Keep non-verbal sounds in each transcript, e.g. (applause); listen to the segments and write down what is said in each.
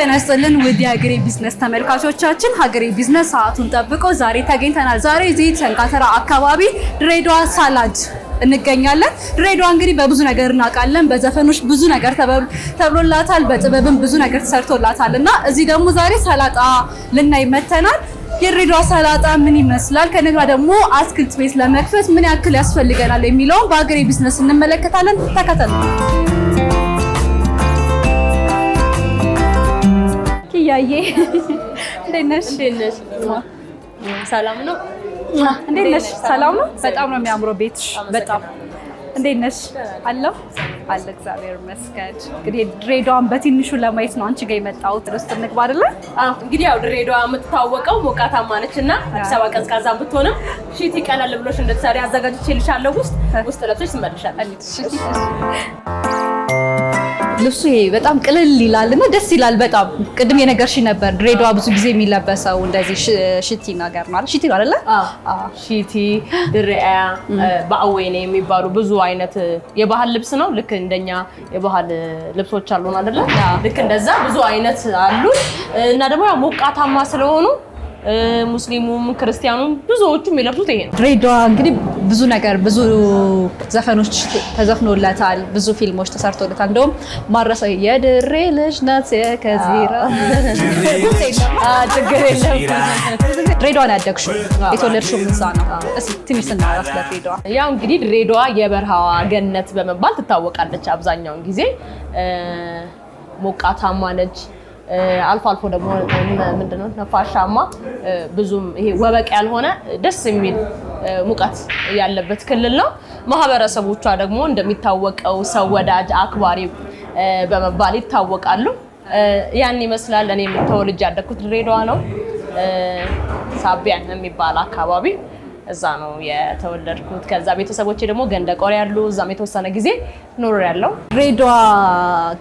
ጤና ይስጥልን ውድ የሀገሬ ቢዝነስ ተመልካቾቻችን፣ ሀገሬ ቢዝነስ ሰዓቱን ጠብቆ ዛሬ ተገኝተናል። ዛሬ እዚህ ሰንካተራ አካባቢ ድሬዳዋ ሳላድ እንገኛለን። ድሬዳዋ እንግዲህ በብዙ ነገር እናውቃለን። በዘፈኖች ብዙ ነገር ተብሎላታል፣ በጥበብም ብዙ ነገር ተሰርቶላታል እና እዚህ ደግሞ ዛሬ ሰላጣ ልናይ መተናል። የድሬዳዋ ሰላጣ ምን ይመስላል፣ ከነግራ ደግሞ አትክልት ቤት ለመክፈት ምን ያክል ያስፈልገናል የሚለውን በሀገሬ ቢዝነስ እንመለከታለን። ተከተሉ። እያየ እንዴት ነሽ? ሰላም ነው? እንዴት ነሽ? ሰላም ነው። በጣም ነው የሚያምረው ቤትሽ። በጣም እንዴት ነሽ? አለሁ አለ እግዚአብሔር ይመስገን። እንግዲህ ድሬዳዋን በትንሹ ለማየት ነው አንቺ ጋር የመጣሁት። ርስት እንግባ አይደለ? እንግዲህ ያው ድሬዳዋ የምትታወቀው ሞቃታማ ነች እና አዲስ አበባ ቀዝቃዛ ብትሆንም ሽቲ ቀለል ብሎሽ እንደተሰሪ አዘጋጅቼልሻለሁ። ውስጥ ውስጥ ለብሶች ትመለሻለሽ። ልብሱ በጣም ቅልል ይላል እና ደስ ይላል በጣም ቅድም የነገርሽ ነበር ድሬዳዋ ብዙ ጊዜ የሚለበሰው እንደዚህ ሽቲ ነገር ማለት ሽቲ አለ ሽቲ ድሬያ በአዌኔ የሚባሉ ብዙ አይነት የባህል ልብስ ነው። ልክ እንደኛ የባህል ልብሶች አሉን አደለ ልክ እንደዛ ብዙ አይነት አሉ እና ደግሞ ያው ሞቃታማ ስለሆኑ ሙስሊሙም ክርስቲያኑም ብዙዎቹም የሚለብሱት ይሄ ነው። ድሬዳዋ እንግዲህ ብዙ ነገር ብዙ ዘፈኖች ተዘፍኖለታል፣ ብዙ ፊልሞች ተሰርቶለታል። እንደውም ማረሰው የድሬ ልጅ ናት ከዚራ ችግር የለም ድሬዳዋን ያደግሽው የተወለድሽው እዛ ነው። ትንሽ ስናወራ ስለ ድሬዳዋ። ያው እንግዲህ ድሬዳዋ የበረሃዋ ገነት በመባል ትታወቃለች። አብዛኛውን ጊዜ ሞቃታማ ነች። አልፎ አልፎ ደግሞ ምንድነው ነፋሻማ ብዙም ይሄ ወበቅ ያልሆነ ደስ የሚል ሙቀት ያለበት ክልል ነው። ማህበረሰቦቿ ደግሞ እንደሚታወቀው ሰው ወዳጅ፣ አክባሪ በመባል ይታወቃሉ። ያን ይመስላል። እኔ ተወልጄ ያደግኩት ድሬዳዋ ነው፣ ሳቢያን የሚባል አካባቢ እዛ ነው የተወለድኩት። ከዛ ቤተሰቦቼ ደግሞ ገንደቆር ያሉ እዛም የተወሰነ ጊዜ ኖሮ ያለው ድሬዳዋ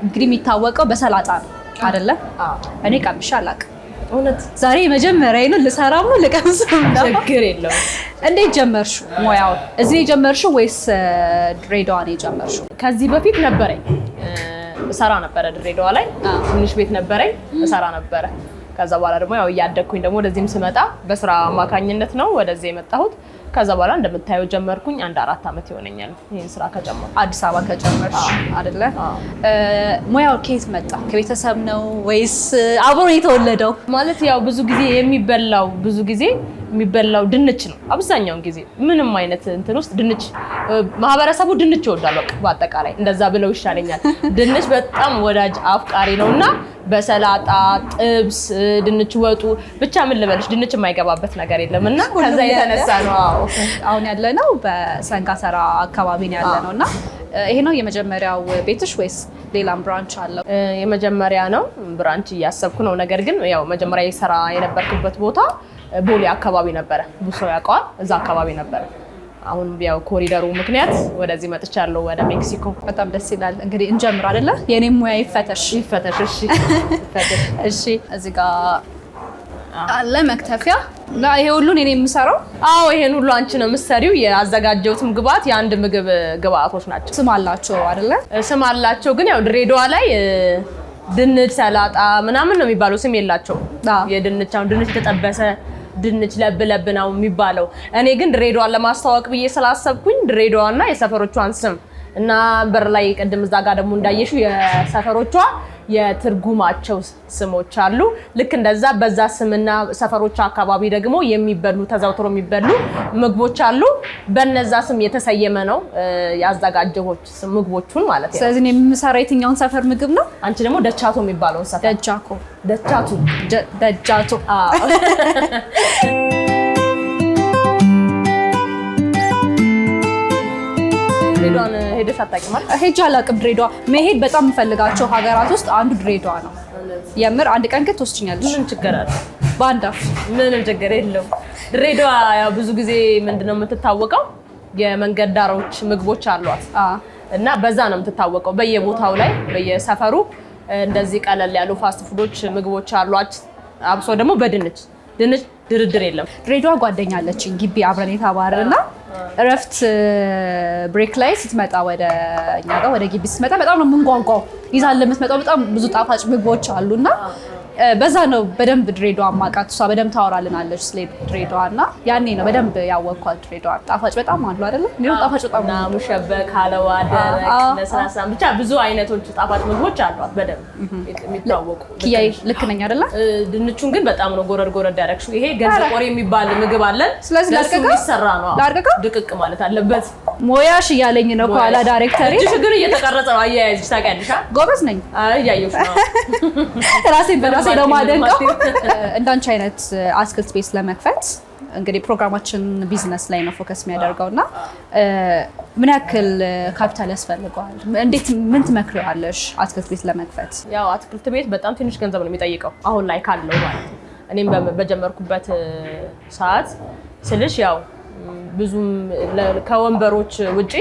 እንግዲህ የሚታወቀው በሰላጣ ነው አይደለ? እኔ ቀምሼ አላውቅም። እውነት ዛሬ መጀመሪያ ይሄንን ልሰራም ነው ልቀምስም ችግር የለውም። እንዴት ጀመርሽው ሙያውን? እዚህ የጀመርሽው ወይስ ድሬዳዋ ነው የጀመርሽው? ከዚህ በፊት ነበረኝ እሰራ ነበረ ድሬዳዋ ላይ ትንሽ ቤት ነበረኝ እሰራ ነበረ። ከዛ በኋላ ደግሞ ያው እያደግኩኝ ደግሞ ወደዚህም ስመጣ በስራ አማካኝነት ነው ወደዚህ የመጣሁት። ከዛ በኋላ እንደምታየው ጀመርኩኝ። አንድ አራት ዓመት ይሆነኛል ይህን ስራ ከጀመር አዲስ አበባ ከጀመር አይደለ? ሙያው ከየት መጣ? ከቤተሰብ ነው ወይስ አብሮ የተወለደው? ማለት ያው ብዙ ጊዜ የሚበላው ብዙ ጊዜ የሚበላው ድንች ነው። አብዛኛውን ጊዜ ምንም አይነት እንትን ውስጥ ድንች ማህበረሰቡ ድንች ይወዳል። በቃ በአጠቃላይ እንደዛ ብለው ይሻለኛል። ድንች በጣም ወዳጅ አፍቃሪ ነው እና በሰላጣ ጥብስ፣ ድንች ወጡ ብቻ ምን ልበልሽ ድንች የማይገባበት ነገር የለም እና ከዛ የተነሳ ነው አሁን ያለ ነው በሰንጋተራ አካባቢ ነው ያለ ነው እና ይሄ ነው የመጀመሪያው ቤትሽ ወይስ ሌላም ብራንች አለው? የመጀመሪያ ነው ብራንች እያሰብኩ ነው። ነገር ግን ያው መጀመሪያ የሰራ የነበርኩበት ቦታ ቦሌ አካባቢ ነበረ። ብዙ ሰው ያውቀዋል። እዛ አካባቢ ነበረ። አሁን ያው ኮሪደሩ ምክንያት ወደዚህ መጥቻለሁ፣ ወደ ሜክሲኮ። በጣም ደስ ይላል። እንግዲህ እንጀምር አይደለ? የኔ ሙያ ይፈተሽ ይፈተሽ። እሺ፣ እሺ። እዚህ ጋር አለ መክተፊያ። ይሄ ሁሉን እኔ የምሰራው? አዎ፣ ይሄን ሁሉ አንቺ ነው የምትሰሪው። ያዘጋጀሁትም ግብአት የአንድ ምግብ ግብአቶች ናቸው። ስም አላቸው አይደለ? ስም አላቸው፣ ግን ያው ድሬዳዋ ላይ ድንች፣ ሰላጣ ምናምን ነው የሚባለው። ስም የላቸው። የድንች አሁን ድንች የተጠበሰ ድንች ለብ ለብ ነው የሚባለው። እኔ ግን ድሬዳዋን ለማስተዋወቅ ብዬ ስላሰብኩኝ ድሬዳዋና የሰፈሮቿን ስም እና በር ላይ ቅድም እዛ ጋር ደግሞ እንዳየሽው የሰፈሮቿ የትርጉማቸው ስሞች አሉ። ልክ እንደዛ በዛ ስምና ሰፈሮች አካባቢ ደግሞ የሚበሉ ተዘውትሮ የሚበሉ ምግቦች አሉ። በነዛ ስም የተሰየመ ነው ያዘጋጀዎች ምግቦቹን ማለት ነው። ስለዚህ የምሰራ የትኛውን ሰፈር ምግብ ነው? አንቺ ደግሞ ደቻቶ የሚባለውን ሰፈር ደቻቶ ደቻቶ ደጃቶ (laughs) ድሬዳዋን ሄደሽ አታውቂም? ሄጄ አላውቅም። ድሬዳዋ መሄድ በጣም የምፈልጋቸው ሀገራት ውስጥ አንዱ ድሬዳዋ ነው። የምር አንድ ቀን ግን ትወስጂኛለሽ። ምንም ችግር አለ በአንድ አፍ ምንም ችግር የለውም። ድሬዳዋ ያው ብዙ ጊዜ ምንድነው የምትታወቀው የመንገድ ዳሮች ምግቦች አሏት እና በዛ ነው የምትታወቀው። በየቦታው ላይ በየሰፈሩ እንደዚህ ቀለል ያሉ ፋስት ፉዶች ምግቦች አሏት። አብሶ ደግሞ በድንች ድንች ድርድር የለም። ድሬዳዋ ጓደኛ አለችኝ ግቢ አብረን የተባርን እና እረፍት ብሬክ ላይ ስትመጣ ወደ እኛ ጋር ወደ ግቢ ስትመጣ በጣም ነው የምንጓጓው ይዛን ለምትመጣው በጣም ብዙ ጣፋጭ ምግቦች አሉና በዛ ነው በደንብ ድሬዳዋ ማቃት እሷ በደንብ ታወራልናለች ስለ ድሬዳዋ እና ያኔ ነው በደንብ ያወቅኳት ድሬዳዋ። ጣፋጭ በጣም አሉ አይደለም? እንዲሁም ጣፋጭ በጣም ሙሸበክ፣ ሀለዋ፣ ደረቅ፣ ነስራሳ ብቻ ብዙ አይነቶች ጣፋጭ ምግቦች አሏት በደንብ የሚታወቁ። ኪያዬ ልክ ነኝ አይደለ? ድንቹን ግን በጣም ነው ጎረድ ጎረድ ያደረግሽው። ይሄ ገንዘብ ቆሬ የሚባል ምግብ አለን። ስለዚህ ላርቀቀ ይሰራ ነው። ድቅቅ ማለት አለበት ሞያሽ እያለኝ ነው ከኋላ ዳይሬክተር። እጅሽ ግን እየተቀረጸ ነው። አያያዝሽ ታውቂያለሽ። ጎበዝ ነኝ እያየሁሽ ነው። (laughs) ራሴን በራሴ ነው የማደንቀው። (laughs) እንዳንቺ አይነት አትክልት ቤት ለመክፈት እንግዲህ ፕሮግራማችን ቢዝነስ ላይ ነው ፎከስ የሚያደርገው እና ምን ያክል ካፒታል ያስፈልገዋል? እንዴት ምን ትመክሪዋለሽ አትክልት ቤት ለመክፈት? ያው አትክልት ቤት በጣም ትንሽ ገንዘብ ነው የሚጠይቀው አሁን ላይ ካለው ማለት ነው። እኔም በጀመርኩበት ሰዓት ስልሽ ያው ብዙም ከወንበሮች ውጪ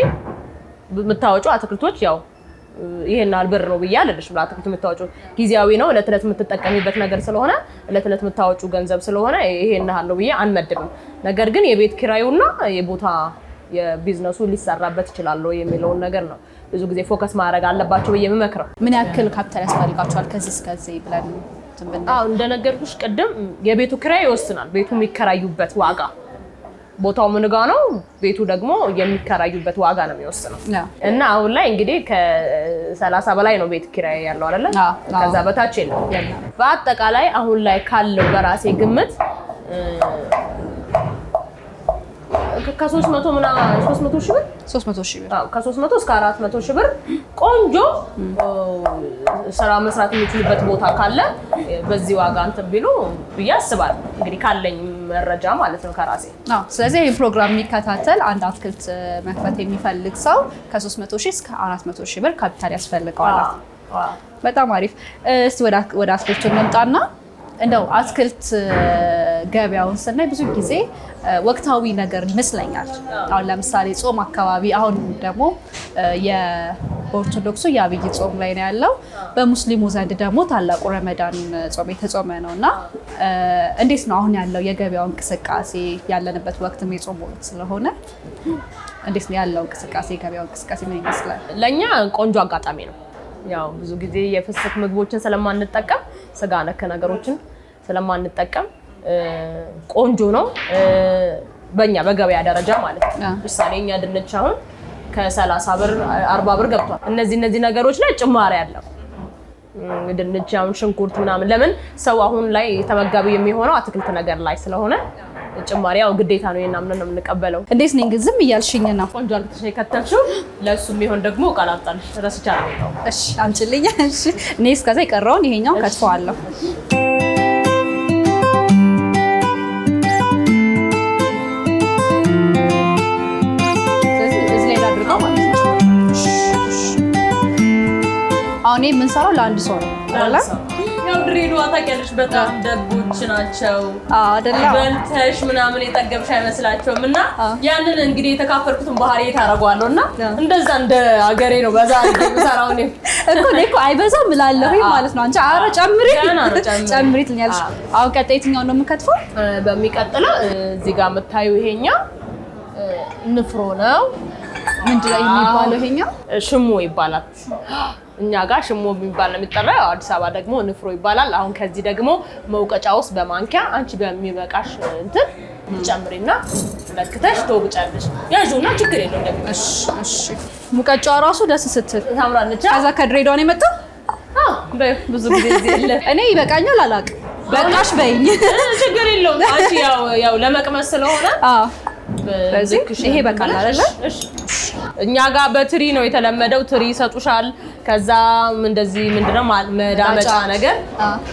የምታወጪው አትክልቶች ያው ይሄን ያህል ብር ነው ብዬ አለልሽ። አትክልት የምታወጪው ጊዜያዊ ነው፣ እለት እለት የምትጠቀሚበት ነገር ስለሆነ እለት እለት የምታወጪው ገንዘብ ስለሆነ ይሄን ያህል ነው ብዬ አንመድብም። ነገር ግን የቤት ኪራዩና የቦታ የቢዝነሱ ሊሰራበት ይችላል የሚለውን ነገር ነው ብዙ ጊዜ ፎከስ ማድረግ አለባቸው ብዬ የምመክረው። ምን ያክል ካፒታል ያስፈልጋቸዋል ከዚህ እስከዚህ ብለን እንደነገርኩሽ ቅድም የቤቱ ኪራይ ይወስናል ቤቱ የሚከራዩበት ዋጋ ቦታው ምን ጋ ነው፣ ቤቱ ደግሞ የሚከራዩበት ዋጋ ነው የሚወስነው። እና አሁን ላይ እንግዲህ ከሰላሳ በላይ ነው ቤት ኪራይ ያለው አይደለ? ከዛ በታች ነው። በአጠቃላይ አሁን ላይ ካለው በራሴ ግምት ከሶስት መቶ ምናምን ሶስት መቶ ሺህ ብር ሶስት መቶ ሺህ ብር አዎ፣ ከሶስት መቶ እስከ አራት መቶ ሺህ ብር ቆንጆ ስራ መስራት የሚችሉበት ቦታ ካለ በዚህ ዋጋ እንትን ቢሉ ብዬ አስባለሁ። እንግዲህ ካለኝ መረጃ ማለት ነው ከራሴ። ስለዚህ ይህ ፕሮግራም የሚከታተል አንድ አትክልት መክፈት የሚፈልግ ሰው ከ300 ሺህ እስከ 400 ሺህ ብር ካፒታል ያስፈልገዋል። በጣም አሪፍ። እስቲ ወደ አትክልቱ እንምጣና እንደው አትክልት ገበያውን ስናይ ብዙ ጊዜ ወቅታዊ ነገር ይመስለኛል። አሁን ለምሳሌ ጾም አካባቢ አሁን ደግሞ በኦርቶዶክሱ የአብይ ጾም ላይ ነው ያለው። በሙስሊሙ ዘንድ ደግሞ ታላቁ ረመዳን ጾም የተጾመ ነው እና እንዴት ነው አሁን ያለው የገበያው እንቅስቃሴ? ያለንበት ወቅትም የጾም ወቅት ስለሆነ እንዴት ነው ያለው እንቅስቃሴ? የገበያው እንቅስቃሴ ምን ይመስላል? ለእኛ ቆንጆ አጋጣሚ ነው። ያው ብዙ ጊዜ የፍስክ ምግቦችን ስለማንጠቀም ስጋ ነክ ነገሮችን ስለማንጠቀም ቆንጆ ነው። በእኛ በገበያ ደረጃ ማለት ነው። ምሳሌ እኛ ድንች አሁን ከሰላሳ ብር አርባ ብር ገብቷል። እነዚህ እነዚህ ነገሮች ላይ ጭማሪ አለው። ድንች አሁን ሽንኩርት ምናምን ለምን ሰው አሁን ላይ ተመጋቢ የሚሆነው አትክልት ነገር ላይ ስለሆነ ጭማሪ ያው ግዴታ ነው። የናምን ነው የምንቀበለው። እንዴት ነኝ ግን ዝም እያልሽኝ ነው። ቆንጆ አርግተሽ የከተልሽው ለእሱ የሚሆን ደግሞ ቃላጣልሽ ረስቻ ነው። እሺ አምጪልኝ። እሺ እኔ እስከዛ የቀረውን ይሄኛው ከትፈዋለሁ። አሁን የምንሰራው ለአንድ ሰው ነው። ያው ድሬዳዋ ታውቂያለሽ፣ በጣም ደጎች ናቸው። በልተሽ ምናምን የጠገብሽ አይመስላቸውም። እና ያንን እንግዲህ የተካፈልኩትን ባህሪ ታደርገዋለሁ እና እንደዛ እንደ አገሬ ነው። በዛ ሰራው እኮ አይበዛም እላለሁኝ ማለት ነው። አንቺ ኧረ ጨምሪ ጨምሪ ትልኛለሽ። አሁን ቀጣይ የትኛውን ነው የምከትፈው? በሚቀጥለው እዚህ ጋር የምታዩ ይሄኛው ንፍሮ ነው። ምንድን ነው የሚባለው? ይሄኛው ሽሙ ይባላል። እኛ ጋር ሽሞ የሚባል ነው የሚጠራው። አዲስ አበባ ደግሞ ንፍሮ ይባላል። አሁን ከዚህ ደግሞ መውቀጫ ውስጥ በማንኪያ አንቺ በሚበቃሽ እንትን ጨምሪና መክተሽ ተውብጫለሽ። ያዥና ችግር የለው ደግሞ ሙቀጫዋ ራሱ ደስ ስትል ታምራለች። ከዛ ከድሬዳዋ ነው የመጣው። ብዙ ጊዜ የለ (laughs) እኔ ይበቃኛል አላውቅም። በቃሽ በይኝ፣ ችግር የለውም። አንቺ ያው ለመቅመስ ስለሆነ በዚህ ይሄ በቃል አይደለ? እኛ ጋር በትሪ ነው የተለመደው። ትሪ ይሰጡሻል። ከዛ እንደዚህ ምንድነው መዳመጫ ነገር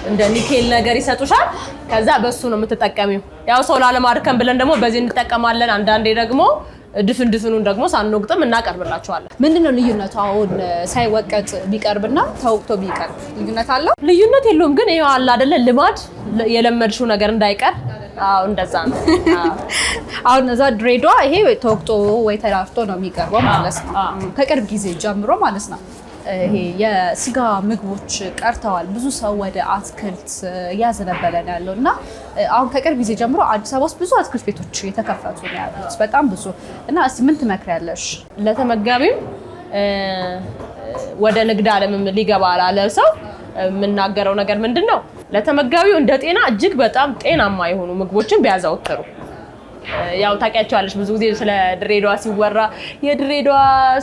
እንደ ኒኬል ነገር ይሰጡሻል። ከዛ በሱ ነው የምትጠቀሚው። ያው ሰው ላለማድከም ብለን ደግሞ በዚህ እንጠቀማለን። አንዳንዴ ደግሞ ድፍን ድፍኑን ደግሞ ሳንወቅጥም እናቀርብላቸዋለን። ምንድን ነው ልዩነቱ? አሁን ሳይወቀጥ ቢቀርብና ተወቅቶ ቢቀርብ ልዩነት አለው? ልዩነት የለውም። ግን ይኸው አለ አይደለ ልማድ የለመድሽው ነገር እንዳይቀር እንደዛ ነው። አሁን እዛ ድሬዷ ይሄ ተወቅጦ ወይ ተላፍቶ ነው የሚቀርበው ማለት ነው፣ ከቅርብ ጊዜ ጀምሮ ማለት ነው። የስጋ ምግቦች ቀርተዋል። ብዙ ሰው ወደ አትክልት እያዘነበለ ነው ያለው እና አሁን ከቅርብ ጊዜ ጀምሮ አዲስ አበባ ውስጥ ብዙ አትክልት ቤቶች የተከፈቱ ነው ያሉት፣ በጣም ብዙ እና እስቲ ምን ትመክሪያለሽ ለተመጋቢም ወደ ንግድ አለም ሊገባ ላለ ሰው የምናገረው ነገር ምንድን ነው? ለተመጋቢው እንደ ጤና እጅግ በጣም ጤናማ የሆኑ ምግቦችን ቢያዘወትሩ ያው ታውቂያቸዋለች። ብዙ ጊዜ ስለ ድሬዳዋ ሲወራ የድሬዳዋ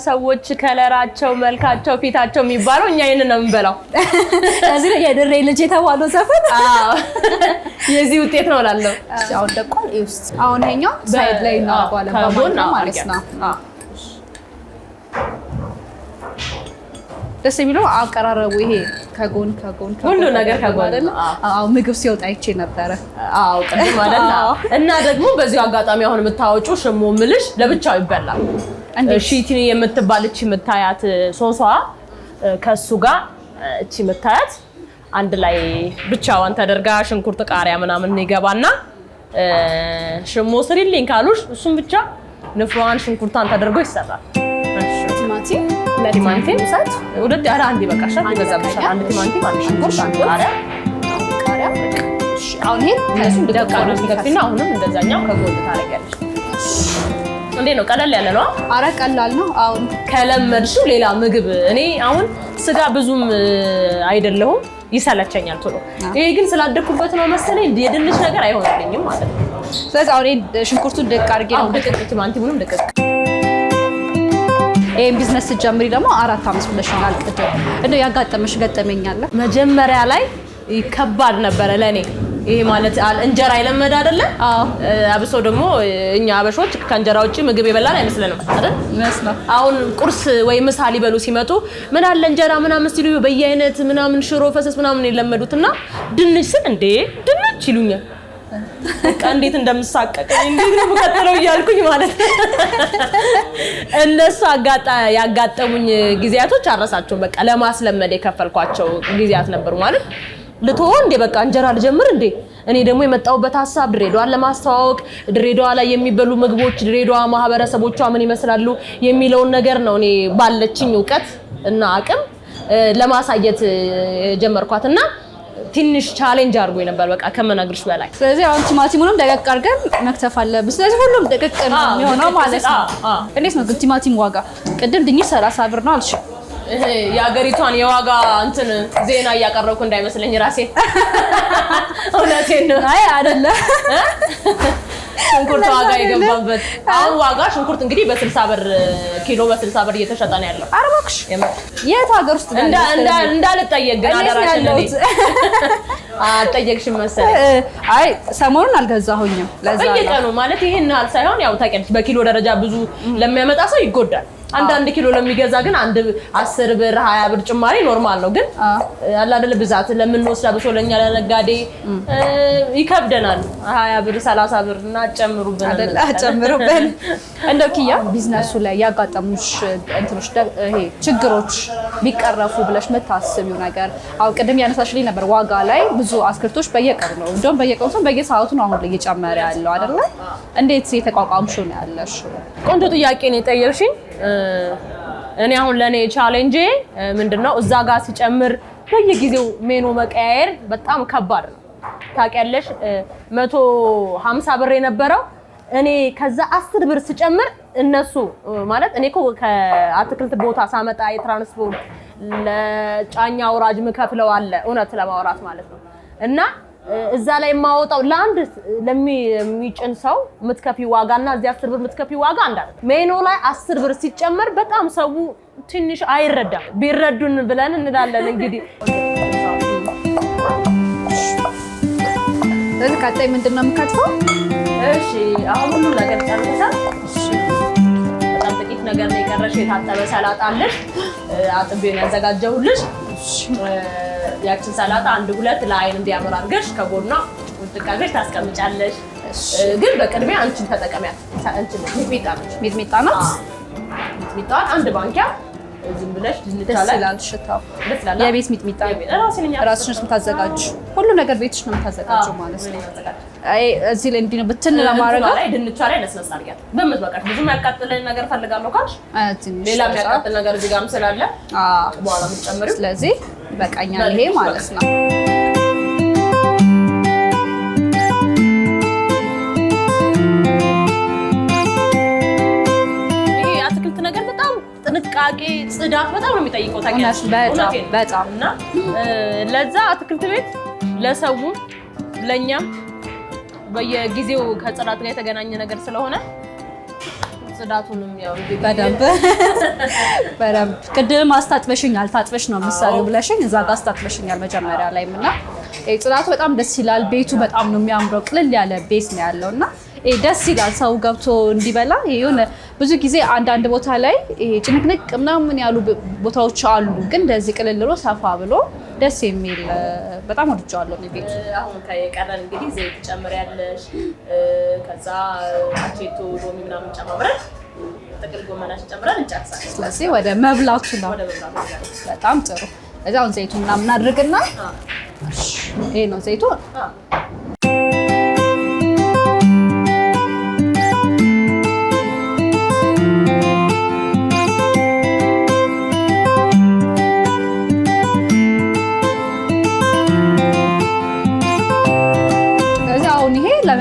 ሰዎች ከለራቸው፣ መልካቸው፣ ፊታቸው የሚባለው እኛ ይህን ነው የምንበላው። (laughs) እዚህ ላይ የድሬ ልጅ የተባለው ዘፈን (laughs) የዚህ ውጤት ነው እላለሁ። አሁን ደቋል ውስጥ አሁን ኛው ሳይድ ላይ እናደርገዋለን ማለት ነው። ደስ የሚለው አቀራረቡ ይሄ ከጎን ከጎን ሁሉ ነገር ከጎን አዎ፣ ምግብ ሲወጣ ይቼ ነበረ። አዎ ቅድም ማለት ነው። እና ደግሞ በዚሁ አጋጣሚ አሁን የምታወጩ ሽሞ ምልሽ ለብቻው ይበላል። ሺቲኒ እቺ የምታያት ሶሷ ከሱ ጋር እቺ የምታያት አንድ ላይ ብቻዋን ተደርጋ ሽንኩርት፣ ቃሪያ ምናምን ይገባና ሽሞ ስሪልኝ ካሉሽ እሱም ብቻ ንፍሯን ሽንኩርቷን ተደርጎ ይሰራል። ለቲማቲም ሰት አንድ ይበቃሻል፣ ይበዛብሻል። አንድ ቲማቲም አንድ ሽንኩርት ቃሪያ ነው አሁንም እንደዛኛው ከጎን እንዴት ነው? ቀለል ያለ ነው። አረ ቀላል ነው። አሁን ከለመድሽው ሌላ ምግብ እኔ አሁን ስጋ ብዙም አይደለሁም ይሰለቸኛል ቶሎ። ይሄ ግን ነው መሰለኝ የድንች ነገር አይሆንልኝም ማለት ነው። ስለዚህ አሁን ሽንኩርቱን ደቅ አድርጌ ነው ደቅ ይህን ቢዝነስ ስትጀምሪ ደግሞ አራት አምስት ብለሽኛል። ቅድም እንደው ያጋጠመሽ ገጠመኝ መጀመሪያ ላይ ከባድ ነበረ ለእኔ ይሄ ማለት እንጀራ የለመደ አይደለ? አብሶ ደግሞ እኛ አበሾች ከእንጀራ ውጭ ምግብ የበላን አይመስለንም አይደል? አሁን ቁርስ ወይ ምሳ ሊበሉ ሲመጡ ምን አለ እንጀራ ምናምን ሲሉ በየአይነት ምናምን ሽሮ ፈሰስ ምናምን የለመዱትና ድንች ስል እንዴ ድንች ይሉኛል በቃ እንዴት እንደምሳቀቅ እንዴት ነው የምቀጥለው እያልኩኝ ማለት እነሱ ያጋጠሙኝ ጊዜያቶች አረሳቸውም። በቃ ለማስለመድ የከፈልኳቸው ጊዜያት ነበሩ ማለት ልትሆን እንዴ በቃ እንጀራ ልጀምር እንዴ። እኔ ደግሞ የመጣሁበት ሀሳብ ድሬዳዋን ለማስተዋወቅ ድሬዳዋ ላይ የሚበሉ ምግቦች፣ ድሬዳዋ ማህበረሰቦቿ ምን ይመስላሉ የሚለውን ነገር ነው እኔ ባለችኝ እውቀት እና አቅም ለማሳየት ጀመርኳትና። እና ትንሽ ቻሌንጅ አድርጎ ነበር፣ በቃ ከመናግርሽ በላይ። ስለዚህ አሁን ቲማቲሙንም ደቀቅ አድርገን መክተፍ አለብን። ስለዚህ ሁሉም ደቀቅ ነው የሚሆነው ማለት ነው። እንዴት ነው ግን ቲማቲም ዋጋ? ቅድም ድኝ ሰላሳ ብር ነው አልሽ። የሀገሪቷን የዋጋ እንትን ዜና እያቀረብኩ እንዳይመስለኝ ራሴ። (laughs) እውነቴን ነው። አይ አይደለም ሽንኩርት ዋጋ የገባበት አሁን ዋጋ ሽንኩርት እንግዲህ በስልሳ ብር ኪሎ በስልሳ ብር እየተሸጠ ነው ያለው። ኧረ እባክሽ የት ሀገር ውስጥ እንዳልጠየቅ ግን አደራሽን (laughs) አልጠየቅሽም መሰለኝ። አይ ሰሞኑን አልገዛሁኝም። ለዛ በየቀኑ ማለት ይሄን ያህል ሳይሆን ያው ታውቂያለሽ፣ በኪሎ ደረጃ ብዙ ለሚያመጣ ሰው ይጎዳል። አንድ አንድ ኪሎ ለሚገዛ ግን አንድ አስር ብር ሀያ ብር ጭማሪ ኖርማል ነው። ግን አለ አይደለ ብዛት ለምንወስድ አብሶ ለእኛ ለነጋዴ ይከብደናል። ሀያ ብር ሰላሳ ብር እና አጨምሩብን አይደለ አጨምሩብን። (laughs) እንደው ኪያ ቢዝነሱ ላይ ያጋጠሙሽ እንትኖች ይሄ ችግሮች ቢቀረፉ ብለሽ የምታስቢው ነገር አሁን ቅድም ያነሳሽልኝ ነበር ዋጋ ላይ ብዙ አስክርቶች በየቀኑ ነው እንደውም በየቀኑ ሰው በየሰዓቱ ነው አሁን ላይ እየጨመረ ያለው አይደለ? እንዴት የተቋቋምሽው ነው ያለሽ? ቆንጆ ጥያቄ ነው የጠየቅሽኝ። እኔ አሁን ለእኔ ቻሌንጄ ምንድነው እዛ ጋር ሲጨምር በየጊዜው ሜኑ መቀያየር በጣም ከባድ ነው። ታውቂያለሽ መቶ ሀምሳ ብር የነበረው እኔ ከዛ አስር ብር ስጨምር እነሱ ማለት እኔ እኮ ከአትክልት ቦታ ሳመጣ የትራንስፖርት ለጫኛ አውራጅ ምከፍለው አለ እውነት ለማውራት ማለት ነው እና እዛ ላይ የማወጣው ለአንድ ለሚጭን ሰው የምትከፊ ዋጋ እና እዚህ አስር ብር የምትከፊ ዋጋ አንዳለ ሜኖ ላይ አስር ብር ሲጨመር በጣም ሰው ትንሽ አይረዳም። ቢረዱን ብለን እንላለን እንግዲህ ስለዚህ ቀጣይ ምንድን ነው የምከትፈው? እሺ አሁን ሁሉ ነገር ጨርሰን፣ በጣም ጥቂት ነገር ነው የቀረሽ። የታጠበ ሰላጣ አለሽ፣ አጥቤ ነው ያዘጋጀሁልሽ። ያችን ሰላጣ አንድ ሁለት ለአይን እንዲያምር አድርገሽ ከጎኗ ውጥቅ ታስቀምጫለሽ። ግን በቅድሚያ አንቺን ተጠቀሚያት። አንቺን ሚጥሚጣ ነች፣ ሚጥሚጣ ናት። ሚጥሚጣዋን አንድ ባንኪያ ዝም ብለሽ ድንቻ ላይ ሽታው የቤት ሚጥሚጣ ራስሽን የምታዘጋጁ ሁሉ ነገር ቤትሽ ነው የምታዘጋጀው ማለት ነው። አይ እዚህ ላይ እንዲህ ነው ብትን ለማድረግ ላይ ድንቿ ላይ ለስለስ አድርጊያት በቃ ብዙ ያቃጥለኝ ነገር ፈልጋለሁ ካልሽ ሌላ የሚያቃጥል ነገር እዚህ ጋርም ስላለ በኋላ የምትጨምሪው ስለዚህ ይበቃኛል ይሄ ማለት ነው። ጥንቃቄ ጽዳት በጣም ነው የሚጠይቀው። ታውቂያለሽ በጣም እና ለዛ አትክልት ቤት ለሰው ለእኛም በየጊዜው ከጽዳት ጋር የተገናኘ ነገር ስለሆነ ጽዳቱንም ያው በደንብ (laughs) በደንብ ቅድም አስታጥበሽኛል ታጥበሽ ነው የምትሰሪው ብለሽኝ እዛ ጋር አስታጥበሽኛል መጀመሪያ ላይም እና ጽዳቱ በጣም ደስ ይላል። ቤቱ በጣም ነው የሚያምረው። ቅልል ያለ ቤት ነው ያለው እና ደስ ይላል። ሰው ገብቶ እንዲበላ የሆነ ብዙ ጊዜ አንዳንድ ቦታ ላይ ጭንቅንቅ ምናምን ያሉ ቦታዎች አሉ፣ ግን እንደዚህ ቅልል ብሎ ሰፋ ብሎ ደስ የሚል በጣም ወድጀዋለሁ። ቤቱ አሁን የቀረን እንግዲህ ዘይት ጨምሪያለሽ፣ ከዛ አቼቶ ሎሚ ምናምን ጨማምረን ጥቅል ጎመናሽ ጨምረን እንጨርሳለን። ስለዚህ ወደ መብላቱ ነው። በጣም ጥሩ። እዚያውን ዘይቱ ምናምን አድርግና ይሄ ነው ዘይቱ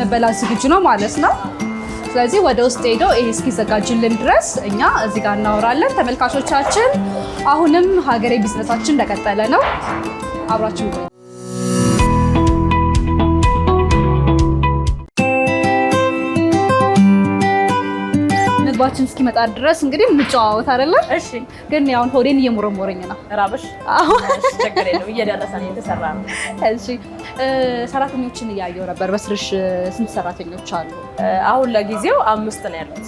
ለመበላት ዝግጁ ነው ማለት ነው። ስለዚህ ወደ ውስጥ ሄዶ ይሄ እስኪዘጋጅልን ድረስ እኛ እዚህ ጋር እናወራለን። ተመልካቾቻችን፣ አሁንም ሀገሬ ቢዝነሳችን እንደቀጠለ ነው። አብራችን ቆዩ። ምግባችን እስኪመጣ ድረስ እንግዲህ እንጨዋወት አይደለም? እሺ። ግን ያውን ሆዴን እየሞረሞረኝ ነው። ራብሽ? አዎ፣ ችግር የለም እየደረሰ ነው፣ የተሰራ ነው። እሺ። ሰራተኞችን እያየው ነበር። በስርሽ ስንት ሰራተኞች አሉ? አሁን ለጊዜው አምስት ነው ያሉት።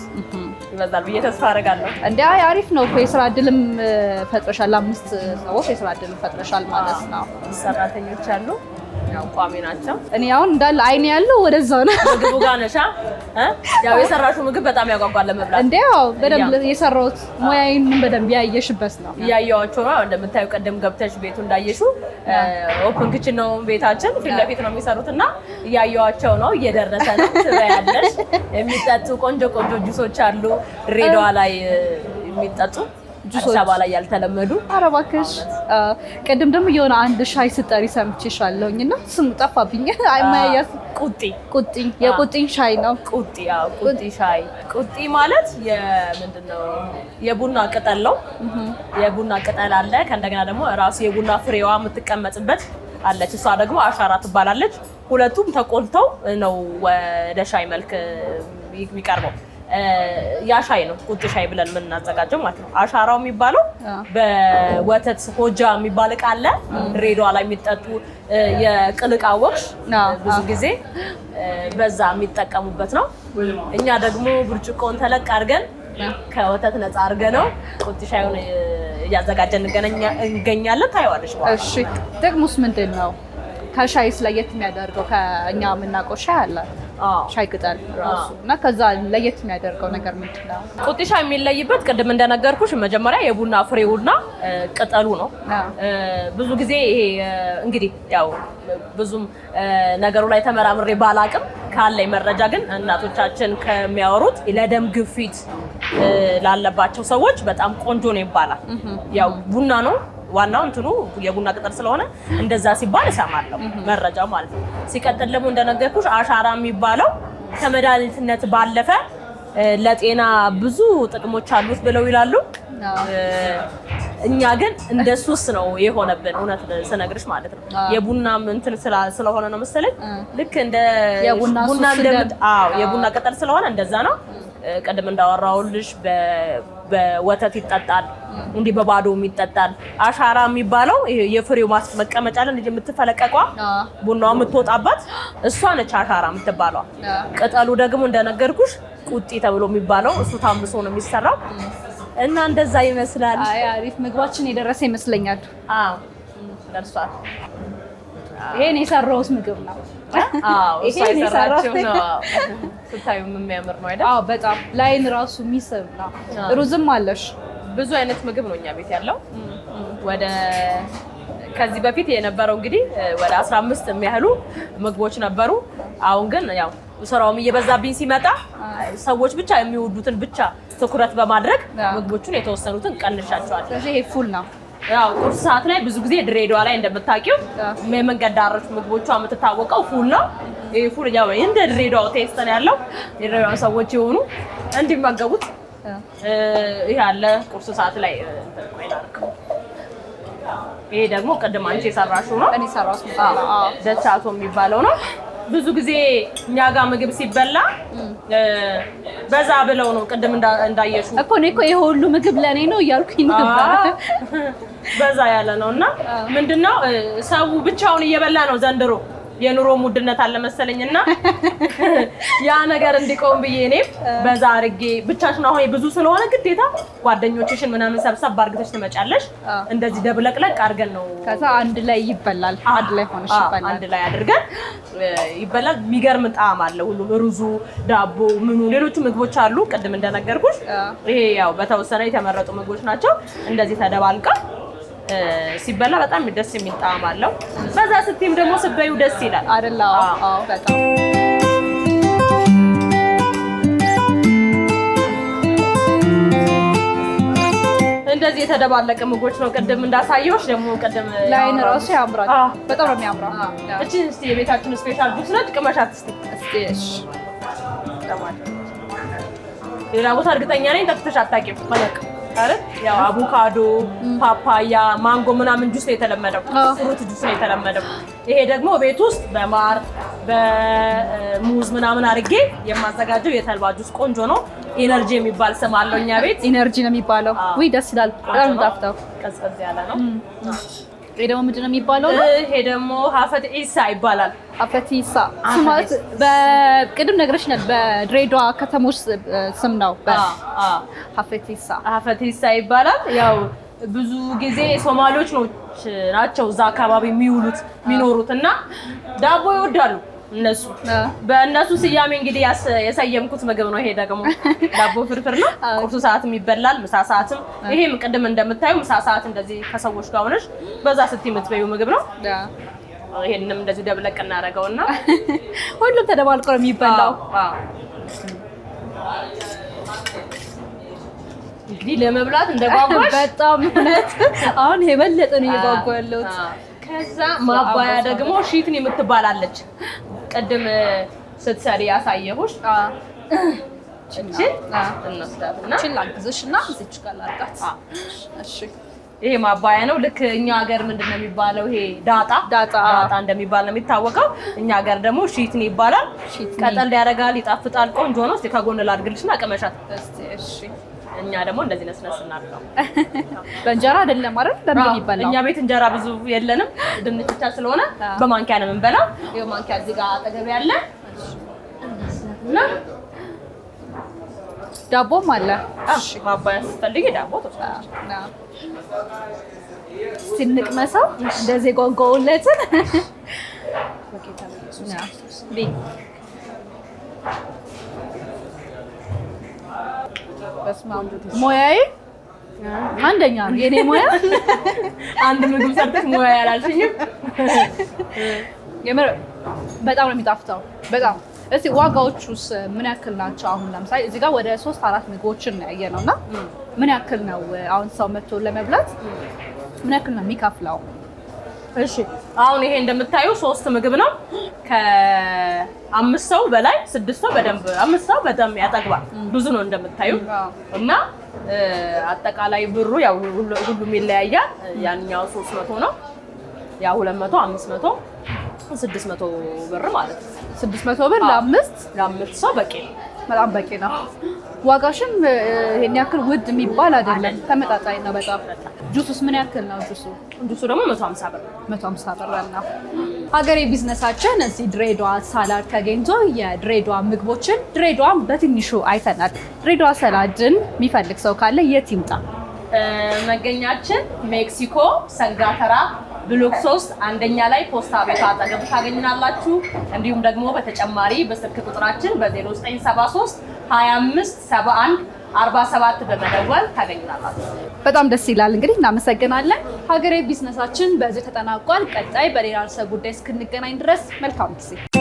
ይበዛል ብዬ ተስፋ አደርጋለሁ። እንደ አሪፍ ነው የስራ እድልም ፈጥረሻል። አምስት ሰዎች የስራ እድልም ፈጥረሻል ማለት ነው። ሰራተኞች አሉ ያው ቋሚ ናቸው። እኔ አሁን እንዳለ አይኔ ያለው ወደዛው ነው። ምግቡ ጋር ነሻ። ያው የሰራሽው ምግብ በጣም ያጓጓል ለመብላት። እንዴ ያው በደንብ የሰራሁት ሙያዬን በደንብ ያየሽበት ነው። እያየኋቸው ነው። እንደምታዩ ቀደም ገብተሽ ቤቱ እንዳየሹ ኦፕን ክችን ነው ቤታችን፣ ፊት ለፊት ነው የሚሰሩት እና እያየኋቸው ነው። እየደረሰ ነው ትበያለሽ። የሚጠጡ ቆንጆ ቆንጆ ጁሶች አሉ ድሬዳዋ ላይ የሚጠጡ አዲስ አበባ ላይ ያልተለመዱ። ኧረ እባክሽ ቅድም ደግሞ የሆነ አንድ ሻይ ስጠሪ ሰምቼሻለሁኝ እና ስሙ ጠፋብኝ። (laughs) አይማያስ ቁጢ ቁጢ ሻይ ነው። ቁጢ ቁጢ ሻይ። ቁጢ ማለት የምንድን ነው? የቡና ቅጠል ነው። የቡና ቅጠል አለ። ከእንደገና ደግሞ ራሱ የቡና ፍሬዋ የምትቀመጥበት አለች። እሷ ደግሞ አሻራ ትባላለች። ሁለቱም ተቆልተው ነው ወደ ሻይ መልክ የሚቀርበው። ያሻይ ነው ቁጭ ሻይ ብለን የምናዘጋጀው ማለት ነው። አሻራው የሚባለው በወተት ሆጃ የሚባል እቃ አለ ድሬዳዋ ላይ የሚጠጡ የቅልቃ ወቅሽ ብዙ ጊዜ በዛ የሚጠቀሙበት ነው። እኛ ደግሞ ብርጭቆን ተለቅ አድርገን ከወተት ነፃ አድርገ ነው ቁጭ ሻዩን እያዘጋጀን እንገኛለን። ታየዋለች። እሺ ጥቅሙስ ምንድን ነው? ከሻይስ ለየት የሚያደርገው ከእኛ የምናውቀው ሻይ አለ ሻይ ቅጠል ራሱ እና ከዛ ለየት የሚያደርገው ነገር ምንድን ነው? ቁጢ ሻይ የሚለይበት ቅድም እንደነገርኩሽ መጀመሪያ የቡና ፍሬውና ቅጠሉ ነው። ብዙ ጊዜ ይሄ እንግዲህ ያው ብዙም ነገሩ ላይ ተመራምሬ ባላቅም ካለኝ መረጃ ግን እናቶቻችን ከሚያወሩት ለደም ግፊት ላለባቸው ሰዎች በጣም ቆንጆ ነው ይባላል። ያው ቡና ነው ዋናው እንትኑ የቡና ቅጠል ስለሆነ እንደዛ ሲባል እሰማለሁ መረጃው ማለት ነው። ሲቀጥል ደግሞ እንደነገርኩሽ አሻራ የሚባለው ከመድኃኒትነት ባለፈ ለጤና ብዙ ጥቅሞች አሉት ብለው ይላሉ። እኛ ግን እንደ ሱስ ነው የሆነብን። እውነት ስነግርሽ ማለት ነው የቡና እንትን ስለሆነ ነው መሰለኝ ልክ እንደ የቡና ቅጠል ስለሆነ እንደዛ ነው። ቅድም እንዳወራውልሽ በወተት ይጠጣል። እንዲህ በባዶም ይጠጣል። አሻራ የሚባለው የፍሬው መቀመጫ ልጅ የምትፈለቀቋ ቡናዋ የምትወጣባት እሷ ነች አሻራ የምትባለዋ። ቅጠሉ ደግሞ እንደነገርኩሽ ቁጢ ተብሎ የሚባለው እሱ ታምሶ ነው የሚሰራው እና እንደዛ ይመስላል። አሪፍ ምግባችን የደረሰ ይመስለኛል። አዎ ደርሷል። ይሄን የሰራሁት ምግብ ነው። አዎ እሱ ነው። ስታዩ የሚያምር ነው አይደል? አዎ በጣም ላይን ራሱ የሚስብ ነው። ሩዝም አለሽ። ብዙ አይነት ምግብ ነው እኛ ቤት ያለው። ወደ ከዚህ በፊት የነበረው እንግዲህ ወደ 15 የሚያህሉ ምግቦች ነበሩ። አሁን ግን ያው ስራውም እየበዛብኝ ሲመጣ ሰዎች ብቻ የሚወዱትን ብቻ ትኩረት በማድረግ ምግቦቹን የተወሰኑትን ቀንሻቸዋል። ስለዚህ ይሄ ፉል ነው። ያው ቁርስ ሰዓት ላይ ብዙ ጊዜ ድሬዳዋ ላይ እንደምታውቂው የመንገድ ዳሮች ምግቦቿ የምትታወቀው ፉል ነው። ይህ ፉል ያው እንደ ድሬዳዋ ቴስት ነው ያለው። የድሬዳዋ ሰዎች የሆኑ እንዲመገቡት ይሄ አለ ቁርስ ሰዓት ላይ ይሄ ደግሞ ቅድም አንቺ የሰራሽው ነው። እኔ ሰራሁት ደቻቶ የሚባለው ነው። ብዙ ጊዜ እኛ ጋር ምግብ ሲበላ በዛ ብለው ነው። ቅድም እንዳየሽው እኮ እኔ እኮ ይሄ ሁሉ ምግብ ለእኔ ነው እያልኩኝ ነበር። (laughs) በዛ ያለ ነው እና ምንድነው ሰው ብቻውን እየበላ ነው ዘንድሮ የኑሮ ውድነት አለ መሰለኝ እና (laughs) ያ ነገር እንዲቆም ብዬ እኔም በዛ አድርጌ ብቻሽን አሁን ብዙ ስለሆነ ግዴታ ጓደኞችሽን ምናምን ሰብሰብ አድርገሽ ትመጫለሽ። እንደዚህ ደብለቅለቅ አርገን ነው ከዛ አንድ ላይ ይበላል። አንድ ላይ ሆነሽ ይበላል። አንድ ላይ አድርገን ይበላል። የሚገርም ጣዕም አለ። ሁሉም ሩዙ፣ ዳቦ፣ ምኑ ሌሎቹ ምግቦች አሉ። ቅድም እንደነገርኩሽ ይሄ ያው በተወሰነ የተመረጡ ምግቦች ናቸው። እንደዚህ ተደባልቀ ሲበላ በጣም ደስ የሚል ጣዕም አለው። በዛ ስትይም ደግሞ ስበዩ ደስ ይላል አይደል? አዎ በጣም እንደዚህ የተደባለቀ ምግቦች ነው። ቅድም እንዳሳየዎች ደግሞ ቅድም ላይን ራሱ ያምራል። በጣም ነው የሚያምራው። እቺ እስቲ የቤታችን ስፔሻል ጁስ ነች። ቅመሻት እስቲ እሺ ሌላ ቦታ እርግጠኛ ነኝ ጠጥተሽ አታውቂም። አይደል? ያው አቮካዶ፣ ፓፓያ፣ ማንጎ ምናምን ጁስ ነው የተለመደው፣ ፍሩት ጁስ ነው የተለመደው። ይሄ ደግሞ ቤት ውስጥ በማር በሙዝ ምናምን አድርጌ የማዘጋጀው የተልባ ጁስ ቆንጆ ነው። ኢነርጂ የሚባል ስም አለው እኛ ቤት ኢነርጂ ነው የሚባለው። ውይ ደስ ይላል። ጣፍጣው ቀዝቀዝ ያለ ነው። ይሄ ደግሞ ምንድን ነው የሚባለው? ይሄ ደግሞ ሀፈት ኢሳ ይባላል። ሀፈት ኢሳ ማለት በቅድም ነግረሽናል። በድሬዳዋ ከተሞች ስም ነው። ሀፈት ኢሳ ሀፈት ኢሳ ይባላል። ያው ብዙ ጊዜ ሶማሌዎች ናቸው እዛ አካባቢ የሚውሉት የሚኖሩት እና ዳቦ ይወዳሉ እነሱ በእነሱ ስያሜ እንግዲህ የሰየምኩት ምግብ ነው። ይሄ ደግሞ ዳቦ ፍርፍር ነው። ቁርሱ ሰዓትም ይበላል፣ ምሳ ሰዓትም። ይሄም ቅድም እንደምታዩ ምሳ ሰዓት እንደዚህ ከሰዎች ጋር ሆነሽ በዛ ስትይ የምትበይው ምግብ ነው። ይሄንም እንደዚህ ደብለቅ እናደርገውና (laughs) ሁሉም ተደባልቆ ነው የሚበላው። እንግዲህ ለመብላት እንደጓጓሽ በጣም እውነት። (laughs) አሁን የበለጠ ነው እየጓጓ ያለሁት። ከዛ ማባያ ደግሞ ሺትን የምትባላለች ቅድም ስትሰሪ ያሳየሁሽ ላግዝሽ እና እዚች ጋር ላድርጋት። ይሄ ማባያ ነው። ልክ እኛ ሀገር ምንድን ነው የሚባለው? ይሄ ዳጣ ዳጣ ዳጣ እንደሚባል ነው የሚታወቀው። እኛ ሀገር ደግሞ ሺትኒ ይባላል። ቀጠል ያደርጋል፣ ይጣፍጣል፣ ቆንጆ ነው። እስኪ ከጎን ላድርግልሽ እና ቅመሻት። እሺ እኛ ደግሞ እንደዚህ ነስነስ እናድርገው። በእንጀራ (laughs) አይደለም አይደል? በምን ይበላል? እኛ ቤት እንጀራ ብዙ የለንም፣ ድንች ብቻ ስለሆነ በማንኪያ ነው የምንበላው። ይሄው ማንኪያ እዚህ ጋር አጠገብ ያለ እና ዳቦም አለ። እሺ ማባያ ስትፈልጊ ዳቦ ተወስደሽ መሰው እንደዚህ ጓጓውለትን ሙያዬ አንደኛ ነው የኔ ሙያ። አንድ ምግብ ሰርተሽ ሙያ ያላልሽኝም። በጣም ነው የሚጣፍጠው። በጣም እስቲ ዋጋዎቹስ ምን ያክል ናቸው? አሁን ለምሳሌ እዚህ ጋር ወደ ሶስት አራት ምግቦችን ያየ ነው እና ምን ያክል ነው አሁን ሰው መጥቶ ለመብላት ምን ያክል ነው የሚከፍለው? እሺ አሁን ይሄ እንደምታዩ ሶስት ምግብ ነው። ከአምስት ሰው በላይ ስድስት ሰው በደንብ አምስት ሰው በጣም ያጠግባል። ብዙ ነው እንደምታዩ እና አጠቃላይ ብሩ ያው ሁሉም ይለያያል። ያንኛው 300 ነው፣ ያ 200፣ 500፣ 600 ብር ማለት ነው። 600 ብር ለአምስት ለአምስት ሰው በቂ ነው። በጣም በቂ ነው። ዋጋሽም ይሄን ያክል ውድ የሚባል አይደለም፣ ተመጣጣኝ ነው በጣም። ጁሱስ ምን ያክል ነው? ጁሱ ጁሱ ደግሞ 150 ብር 150 ብር ነው። ሀገሬ ቢዝነሳችን እዚህ ድሬዳዋ ሳላድ ተገኝቶ የድሬዳዋ ምግቦችን ድሬዳዋን በትንሹ አይተናል። ድሬዳዋ ሰላድን የሚፈልግ ሰው ካለ የት ይምጣ? መገኛችን ሜክሲኮ ሰንጋተራ ብሎክ ሶስት አንደኛ ላይ ፖስታ ቤት አጠገብ ታገኝናላችሁ። እንዲሁም ደግሞ በተጨማሪ በስልክ ቁጥራችን በ0973 25 71 47 በመደወል ታገኝናላችሁ። በጣም ደስ ይላል። እንግዲህ እናመሰግናለን። ሀገሬ ቢዝነሳችን በዚህ ተጠናቋል። ቀጣይ በሌላ ርዕሰ ጉዳይ እስክንገናኝ ድረስ መልካም ጊዜ